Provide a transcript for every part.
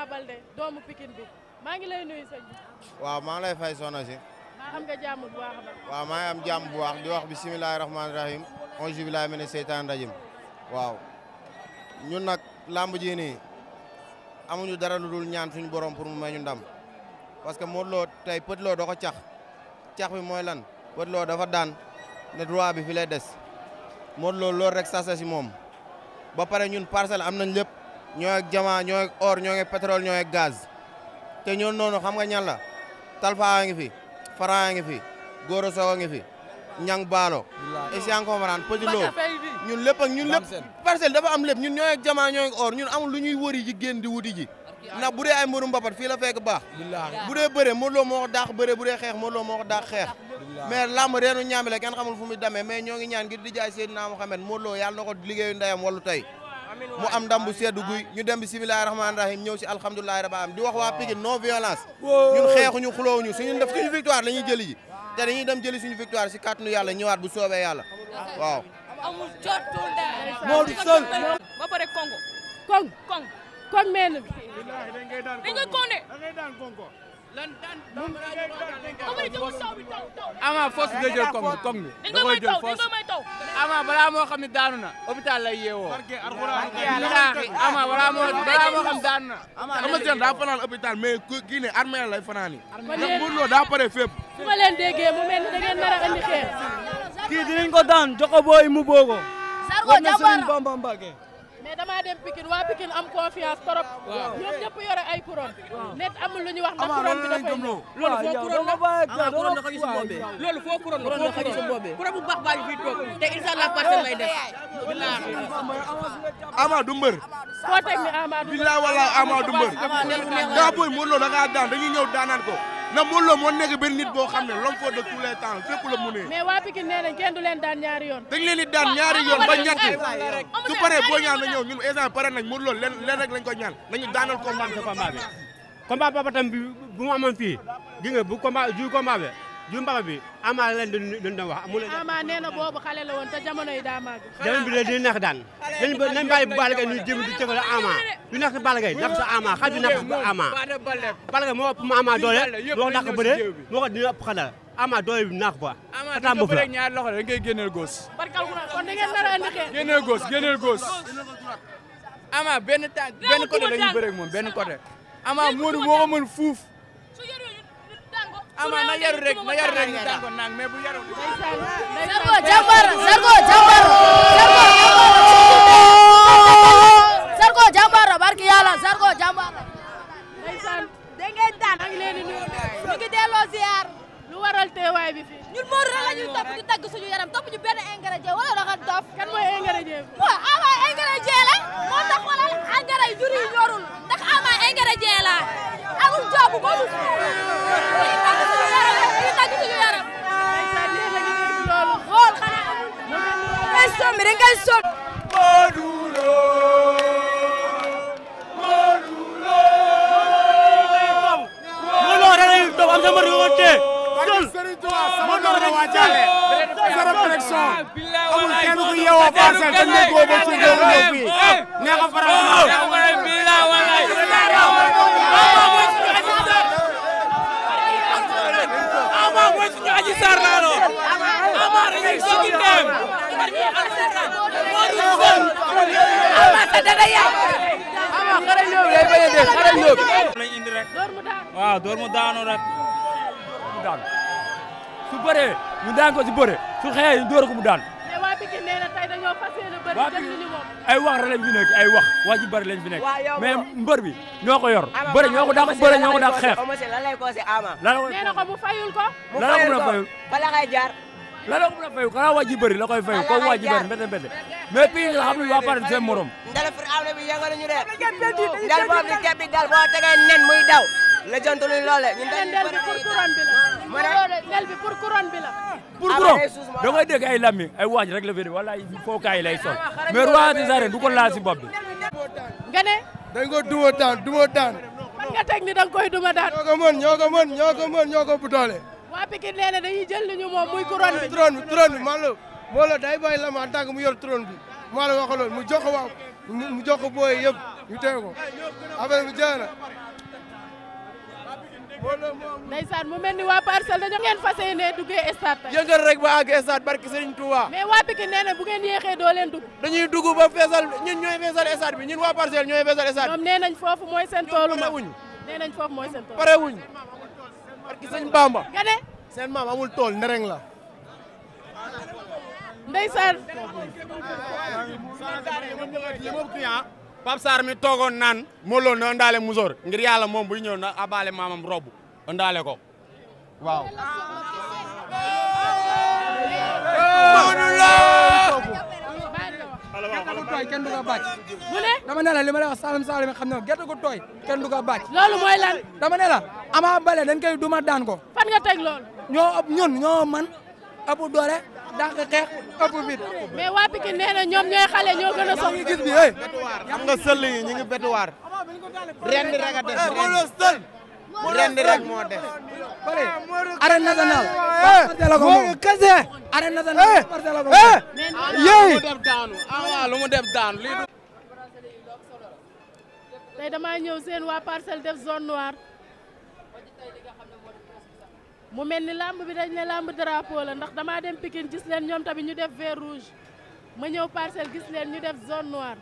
Ama Balde doomu Pikine bi maa ngi lay nuyu sëñ bi. waaw maa lay fay soxna si. maa am jàmm bu waaw maa ngi am jàmm di wax bisimilah rahmaani rahiim. auzu billaahi mina seytaani rajiim waaw ñun nag làmb ji nii amuñu dara lu dul ñaan suñu borom pour mu may ñu ndam parce que Modou Lo tey cax cax bi mooy lan Petit Lo dafa daan ne droit bi fi lay des Modou rek sasa si moom ba pare ñun parcelle am nañ lépp. ñoo ak jamaa ñoo ak or ñoo ak pétrole ñoo gaz te ñoon noonu xam nga ñan la talfaa ngi fi faraa ngi fi góor sow ngi fi ñang baalo est-ce que comprendre petit loo ñun lépp ak ñun lépp parcelle dafa am lépp ñun ñoo ak jamaa ñoo ak ñun amul lu ñuy wëri ji génn di wuti ji ndax bu dee ay mbëru mbapat fii la fekk baax bu dee bëre Modou moo ko daax bëre bu dee xeex Modou Lo moo ko daax xeex mais làmb reenu ñaamile kenn xamul fu muy demee mais ñoo ngi ñaan ngir di jaay Seydina Mouhamed Modou Lo yàlla na ko liggéeyu ndeyam mu am ndam bu guy ñu dem bi bismillahi rahmaani rahim ñëw si alhamdulilahi rabbil alamin di wax waa Pikine non violence ñun xeexuñu xuloowuñu suñu def suñu victoire la ñuy jëli ji te dañuy dem jëli suñu victoire si kàttanu yàlla ñëwaat bu soobee yàlla waaw amul jot Modou Sol ba pare Kongo Kongo Kongo Kongo meen bi ama force de da koy jël moo xam ne daanu na hôpital lay yeewoo bilaahi ama balaa na ama seen daa pare fépp su ma mu mel ni ngeen nar a andi xeex kii ko daan jox mu boogoo Sarko na Sëriñ Bamba Mbàkke mais damaa dem Pikine waa Pikine am confiance trop. waaw ñoom ñëpp yore ay couronne. net amul lu ñuy wax ndax couronne bi dafay ñëw. loolu foo couronne la amaa couronne la ko gisu boobee. loolu foo couronne la foo def. Amadou Mbër. foo teg ni Amadou Mbër. bilaa wala Amadou Mbër. daa booy Modou Lo da ngaa daan ñëw daanaan ko. na Modou Lo moo nekk benn nit boo xam ne l'homme fort de tous les temps fépp la mu ne. mais waa Pikine nee nañ kenn du leen daan ñaari yoon. dañ leen di daan ñaari yoon ba ñett su paree boo ñaan na ñëw ñun instant pare nañ Modou Lo leen leen rek lañ ko ñaan nañu daanal combat bi combat bi combat Papa Thiam bi bu mu amoon fii gi bu combat ju mbax bi ama lan dañ doon wax amul ama nee na boobu xale la woon bi la dina neex daan nañ nañ bàyyi Balla Gaye ñu di cëfal ama du neex Balla Gaye nax ama xal du nax ama Balla Gaye moo ëpp ama doole moo dàq bëre moo ko dina ëpp xanaa ama doole bi ba ata mbëf la ñaar loxo da ngay génneel góos kon da ngeen nar a indi xeex génneel ama na yaru rek na yaru rek ñu daan ko nang mais bu yaru Zarko jàmbar Zarko jàmbar Zarko jàmbar barki la ñuy topp di yaram topp ñu benn wala da nga dof kan ah, la moo tax wala engrais jur ingrédients la amul joobu boobu muy tàgg suñu yaram muy tàgg suñu yaram. xool xanaa amul. ngay sombi rek ngay sombi. Amul kenn ku yeewoo parcelle dañ lay góoboo suuf doo ko ñëw fii neex a faral mooy suñu Adji Sarr laa loo Ama dañuy soog i dem barki Ama sa dada yaay Ama xara ñëw lay bañ a dee xara ñëw lañ indi rek waaw door mu ko si bëre su xëyee ñu door ay wax rek lañ fi nekk ay wax wax ji bëri lañ fi nekk mais mbër ko yor bëri ñoo ko dàq bëri ñoo ko dàq xeex lan lay conseillé Ama nee na ko bu fayul ko mu fayul ko bala ngay jaar la la ko mën a fayu xanaa waa ji la koy fayu comme waa ji bëri mbete mbete mais puis nga xam ne waa pare seen morom ndala pour am na bi yëngal ñu def dal boobu dal boo tegee nen muy daw la jontu luñ loole ñun dañ bëri ma ne bi pour couronne bi la. pour ah, couronne da ngay dégg ay lammi ay waaj rek la fi wala ay fookaay yi lay sol ah, mais roi des arènes du ko laal si bopp bi. nga ne. dañ ko duma daan duma daan. man nga teg ni da nga koy duma daan. ñoo ko mën ñoo ko mën ñoo ko mën ñoo ko bu doole. waa Pikine nee na dañuy jël li ñu moom muy couronne bi. couronne bi couronne bi man la moo la day bàyyi la ma tàgg mu yor couronne bi maa la waxaloon mu jox ko waaw mu jox ko booy yëpp ñu teg ko affaire bi jeex na ndeysaan mu mel ni waa parcelle dañu ngeen fas yéenee duggee stade tey yëngal rek ba àgg stade barki Serigne Touba mais waa Pikine nee na bu ngeen yéexee ba feesal ñun ñooy feesal stade bi ñun waa parcelle ñooy feesal stade bi ñoom nee nañ foofu mooy seen toolu ma nee nañ foofu mooy seen tool pare wuñ barki Serigne Bamba nga ne seen maam amul tool ndereng la ndeysaan Pape Sarr mi toogoon naan Modou Lo na ëndaale musóor ngir yàlla moom buy ñëw na abaale maamam robb ko waaw Modou Lo gerte gu tooy kenn du ko bàcc mu ne dama ne ko bàcc loolu daan ko fan nga teg loolu ñoo ëpp doole dàq xeex ëpp fit. mais waa Pikine nee na ñoom ñooy xale ñoo gën a soxla. ñu ngi gis bi hey. Eh. xam nga sëll yi ñu ngi betuwaar. ren di rek a des ren. ren di rek moo des. pare arène nationale. Eh. moom kese. arène nationale. Eh. yéen. ah lu mu dem ah, daanu lii du. tey damaa ñëw seen waa parcelle def zone noire. mu mel ni làmb bi dañ ne làmb drapeau la ndax damaa dem Pikine gis leen ñoom tamit ñu def vert rouge ma ñëw parcelle gis leen ñu def zone noire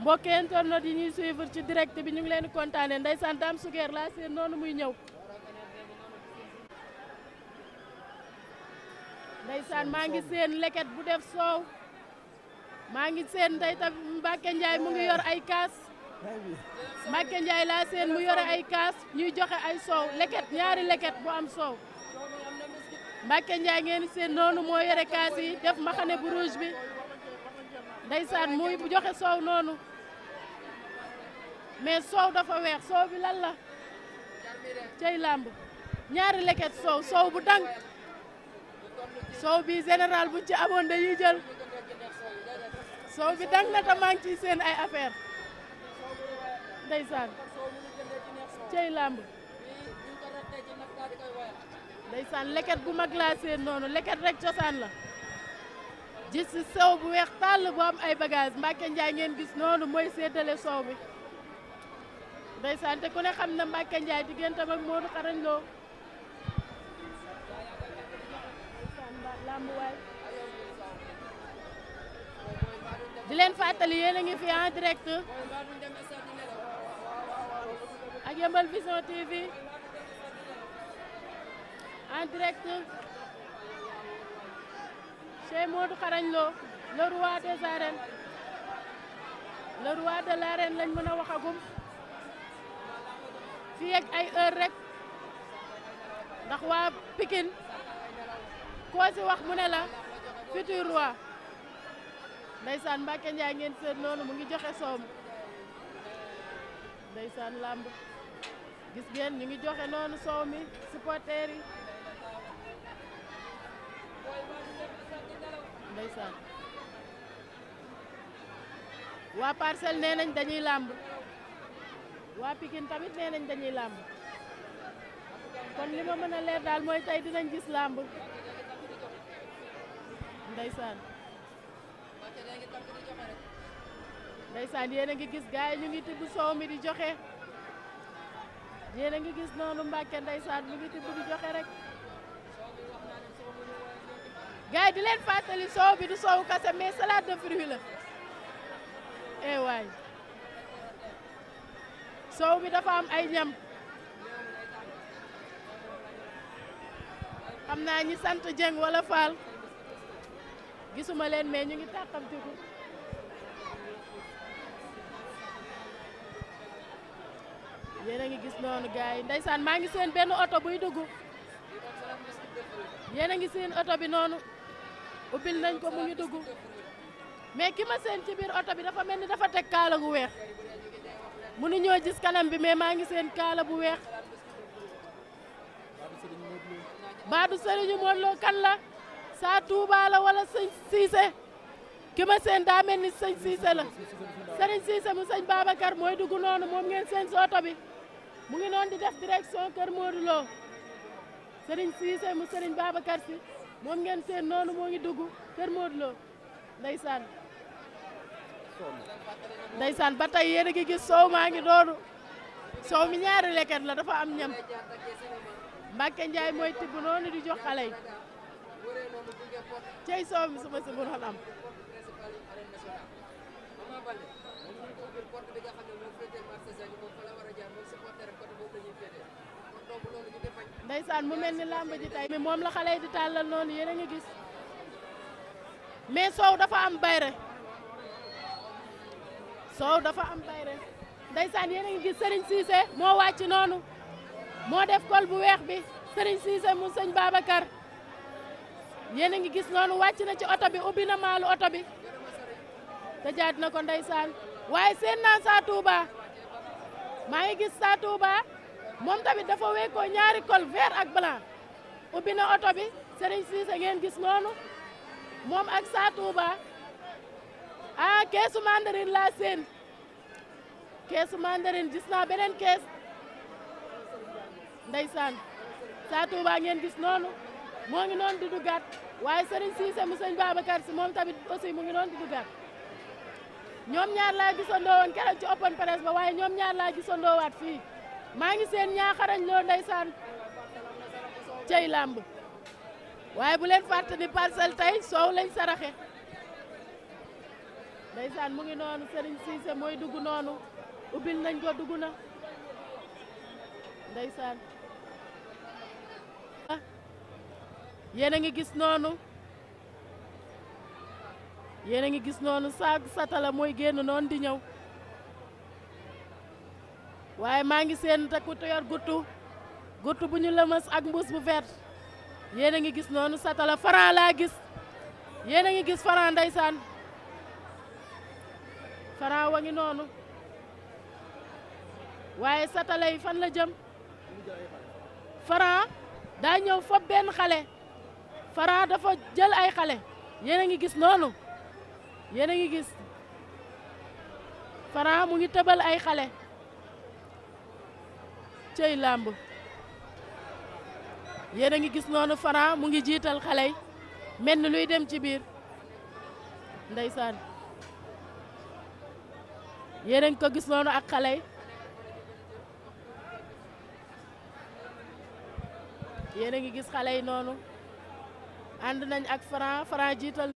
mbokk internautes yi ñuy suivre ci direct bi ñu leen di kontaanee ndeysaan Dame Suguer laa seen noonu muy ñëw. ndeysaan maa ngi seen leket bu def soow maa ngi seen ndey tamit Mbacke njaay mu ngi yor ay kaas. Mbacke Ndiaye laa seen mu yore ay kaas ñuy joxe ay soow leket ñaari leket bu am soow Mbacke Ndiaye ngeen seen noonu moo yore kaas yi def mbaxane bu rouge bi ndeysaan muy bu soow noonu mais soow dafa weex soow bi lan la cey làmb ñaari leket soow soow bu dang soow bi général bu ci amoon dañuy jël soow bi dang na ta maa ngi ciy seen ay affaire ndeysaan làmb leket bu mag laa seen noonu leket rek cosaan la gis si sow bu weex tàll bu am ay bagage Mbacke Ndiaye ngeen gis noonu mooy seddale sow bi na Mbacke Ndiaye diggantam ak leen fàttali yéen a ngi fi en direct ak Yeumbeul Vision TV en direct chez Modou Xarañ Lo le roi des arènes le roi lañ mën a waxagum fii ak ay heure rek ndax waa Pikine koo si wax mu ne la futur roi ndeysaan Mbacke ngeen seet noonu mu ngi joxe soom ndeysaan lamb gis ngeen ñu ngi joxe noonu soow mi supporters yi ndeysaan waa parcelle nee nañ dañuy làmb waa Pikine tamit nee nañ dañuy làmb kon li ma mën a leer daal mooy tey dinañ gis làmb ndeysaan ndeysaan yéen a ngi gis gars ñu ngi tibb soow mi di joxe yéen a ngi gis noonu Mbàkke ndeysaan mi ngi tibb di joxe rek gars yi di leen fàttali soow bi du soowu kase mais salade de fruits la eh waay soow bi dafa am ay ñam xam naa ñi sant Dieng walla Fall gisuma leen mais ñu ngi tàqamtiku yéen gis noonu gars yi ndeysaan maa ngi seen benn oto buy dugg yéen a ngi seen oto bi noonu ubbil nañ ko mu ngi dugg mais ki ma seen ci biir oto bi dafa mel dafa teg kaala gu weex mënu ñoo gis kanam bi mais maa ngi seen kaala bu weex baadu sëriñu mooloo kan la saa Touba la wala sëñ Cissé ki ma seen daa mel ni sëñ Cissé la sëriñ Cissé mu sëñ Babacar mooy dugg noonu moom ngeen seen si oto bi mu ngi noonu di def direction kër Modou Lo Serigne Cissé mu Serigne Babacar Sy moom ngeen seen noonu moo ngi dugg kër Modou Lo ndeysaan ndeysaan ba tey yéen a ngi gis soow maa ngi noonu soow mi ñaari leket la dafa am ñam Mbacke Ndiaye mooy tibb noonu di jox xale yi cey soow mi su ma si mënoon am ndeysaan mu mel ni làmb ji tey mi moom la xale yi di tàllal noonu yéen a ngi gis mais soow dafa am bayre soow dafa am bayre ndeysaan yéen a gis Serigne Cissé moo wàcc noonu moo def kol bu weex bi sëriñ Cissé mu sëñ Babacar yéen a ngi gis noonu wàcc na ci oto bi ubbi na maalu oto bi te jaat na ko ndeysaan waaye seen naa saa Touba maa ngi gis saa Touba moom tamit dafa wekkoo ñaari col vert ak blanc ubbi na oto bi Serigne Cissé ngeen gis noonu moom ak saa ba ah keesu mandarine laa seen keesu mandarine gis naa beneen kees ndeysaan saa Touba ngeen gis noonu moo ngi noonu di duggaat waaye Serigne Cissé mu sëñ Babacar si moom tamit aussi mu ngi noonu di duggaat ñoom ñaar laa gisandoo woon keroog ci open press ba waaye ñoom ñaar laa gisandoo fii maa ngi seen ñaaxarañ loo ndeysaan cey làmb waaye bu leen fàtte ni parcelle tey soow lañ saraxe ndeysaan mu ngi noonu Serigne Cissé mooy dugg noonu ubbil nañ ko dugg na ndeysaan yéen a ngi gis noonu yéen a ngi gis noonu saak satala mooy génn noonu di ñëw waaye maa ngi seen te ku yor guttu guttu bu ñu lëmas ak mbuus bu vert yéen a ngi gis noonu satala faran laa gis yéen a ngi gis faran ndeysaan ngi noonu waaye satala fan la jëm faran daa ñëw fopp benn xale faran dafa jël ay xale yéen a ngi gis noonu yéen a ngi gis Franc mu ngi tëbal ay xale cëy làmb yéen a ngi gis noonu Franc mu ngi jiital xale yi mel luy dem ci biir ndeysaan yéen a ngi ko gis noonu ak xale yi yéen a ngi gis xale yi noonu ànd nañ ak Franc Franc jiital